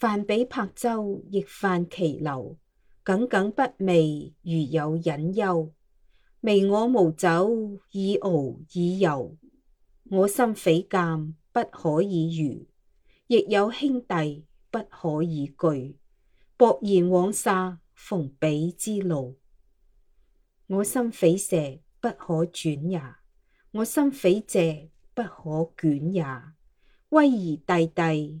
泛彼柏舟，亦泛其流。耿耿不寐，如有隱憂。微我無酒，以敖以遊。我心匪鑑，不可以茹。亦有兄弟，不可以據。薄言往愬，逢彼之怒。我心匪石，不可轉也。我心匪席，不可卷也。威儀棣棣。